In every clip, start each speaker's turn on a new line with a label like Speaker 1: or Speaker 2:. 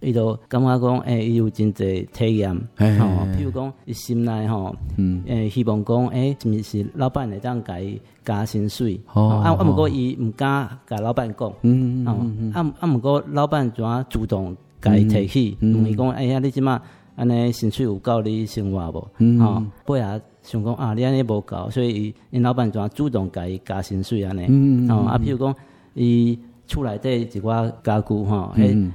Speaker 1: 伊著感覺講，誒，伊有真濟體驗。驗，吼，譬如講伊心內吼，嗯，誒，希望講，誒，是唔是老闆會甲伊加薪水？啊啊，毋過伊毋敢甲老闆講嗯，嗯，啊啊，毋過老闆怎主動甲伊提起，問伊講，誒，呀，你即擺啊？安尼薪水有夠你生活無？啊，尾後想講啊，你安尼無夠，所以因老闆就主動佢加薪水安尼。啊，譬如講，佢厝內啲一啲傢俱，嚇。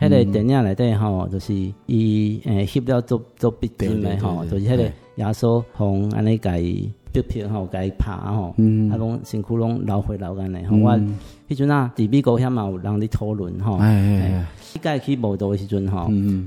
Speaker 1: 迄、嗯、個電影內底吼，就是伊誒翕了做做筆子咪吼，的就是迄個耶穌安尼，咁你計啲片後計拍吼，嗯，種種身軀攏流血流緊吼。我迄陣啊，佇美國遐嘛，有人佇討論誒、哎哎哎哎，世界去無道誒時陣吼嗯。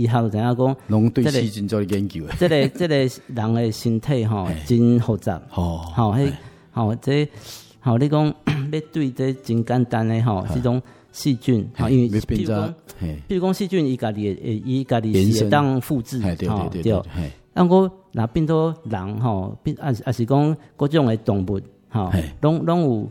Speaker 1: 以後怎樣講？即
Speaker 2: 個，即個即
Speaker 1: 個，人嘅身體吼真複雜。吼，迄吼，即個吼，你講要對即個真簡單嘅吼，即種細菌，因為比如講，比如講細菌，伊家己誒，伊家己是會當複製吼，對對對，啊，我那變做人吼，變抑是，是講各種嘅動物，吼，攏攏有。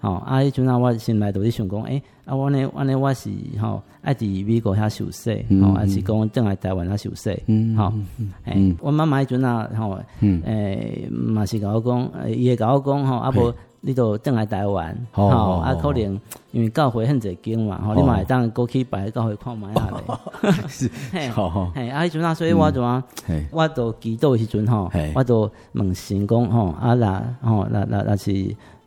Speaker 1: 吼，啊迄陣啊，我先嚟度咧想講，誒，我呢我呢我是，吼，喺佇美國遐受洗，吼，還是講正來台灣遐受洗，嗯，嗯，阮媽媽迄陣啊，嗯，誒，嘛是甲我講，誒，伊會甲我講，吼，阿無，你都正來台灣，吼，阿可能因為教會很濟間嘛，嗬，你嘛會當過去拜教會看覓一下。係嘿，啊迄陣，啊，所以我嘿，我就祈禱迄時陣，嗬，我就問神講，吼，阿嗱，吼，嗱嗱是。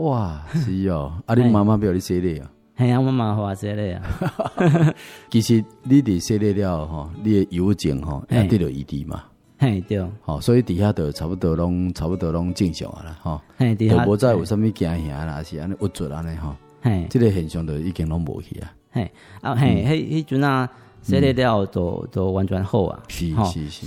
Speaker 2: 哇，是哦，啊，你媽媽不要你洗的啊？係啊，我媽好啊，洗的啊。其實你哋洗的了吼，你嘅油精吼也得咗一滴嘛。嘿，對。好，所以底下都差不多攏，差不多攏正常啊啦，哈。嘿，底下無再有什麼驚嚇啦，是安尼惡作啦，你哈。嘿，這個現象都已經攏無去啊，
Speaker 1: 嘿，啊嘿，嘿，陣那洗的了就就完全好啊。是是是。